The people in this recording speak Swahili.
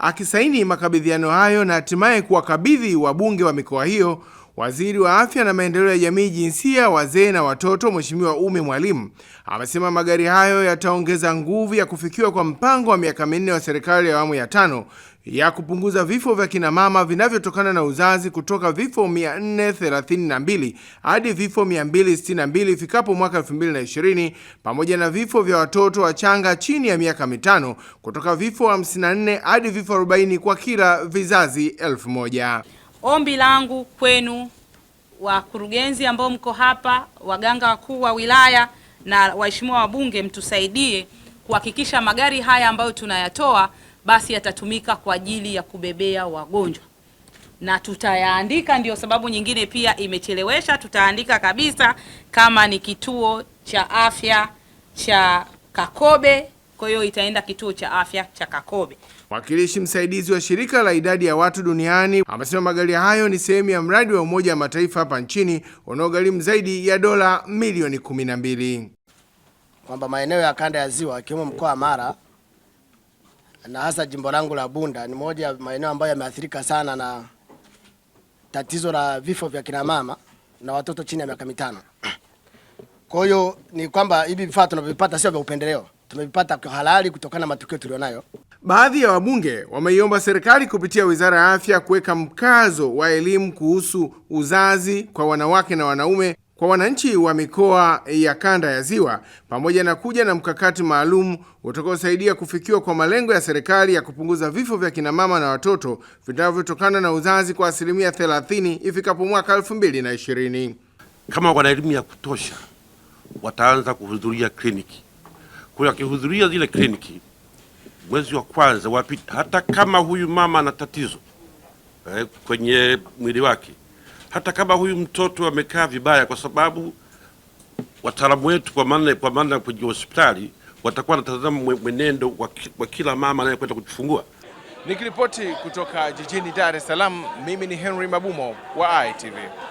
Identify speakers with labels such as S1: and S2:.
S1: akisaini makabidhiano hayo na hatimaye kuwakabidhi wabunge wa mikoa hiyo Waziri wa Afya na Maendeleo ya Jamii, Jinsia, Wazee na Watoto, Mheshimiwa Ume Mwalimu amesema magari hayo yataongeza nguvu ya kufikiwa kwa mpango wa miaka minne wa serikali ya awamu ya tano ya kupunguza vifo vya kinamama vinavyotokana na uzazi kutoka vifo 432 hadi vifo 262 ifikapo mwaka 2020 pamoja na vifo vya watoto wachanga chini ya miaka mitano kutoka vifo 54 hadi vifo 40 kwa kila vizazi 1000.
S2: Ombi langu kwenu wakurugenzi ambao mko hapa, waganga wakuu wa wilaya na waheshimiwa wabunge, mtusaidie kuhakikisha magari haya ambayo tunayatoa basi yatatumika kwa ajili ya kubebea wagonjwa na tutayaandika. Ndio sababu nyingine pia imechelewesha, tutaandika kabisa kama ni kituo cha afya cha Kakobe kwa hiyo itaenda kituo cha afya cha Kakobe.
S1: Mwakilishi msaidizi wa shirika la idadi ya watu duniani amesema magari hayo ni sehemu ya mradi wa Umoja wa Mataifa hapa nchini unaogharimu zaidi ya dola milioni 12
S3: kwamba maeneo ya kanda ya ziwa akiwemo mkoa wa Mara na hasa jimbo langu la Bunda ni moja ya maeneo ambayo yameathirika sana na tatizo la vifo vya kina mama na watoto chini ya miaka mitano. Kwa hiyo ni kwamba hivi vifaa tunavyovipata sio vya upendeleo tumevipata kwa halali kutokana na matukio tulionayo.
S1: Baadhi ya wabunge wameiomba serikali kupitia Wizara ya Afya kuweka mkazo wa elimu kuhusu uzazi kwa wanawake na wanaume kwa wananchi wa mikoa ya kanda ya Ziwa pamoja na kuja na mkakati maalum utakaosaidia kufikiwa kwa malengo ya serikali ya kupunguza vifo vya kinamama na watoto vinavyotokana na uzazi kwa asilimia 30 ifikapo mwaka 2020.
S4: Kama wana elimu ya kutosha, wataanza kuhudhuria kliniki kwa hiyo akihudhuria zile kliniki mwezi wa kwanza wapita, hata kama huyu mama ana tatizo eh, kwenye mwili wake, hata kama huyu mtoto amekaa vibaya, kwa sababu wataalamu wetu kwa maana kwa maana kwenye hospitali watakuwa wanatazama mwenendo wa kila mama anayekwenda kujifungua.
S1: Nikiripoti kutoka jijini Dar es Salaam, mimi ni Henry Mabumo wa ITV.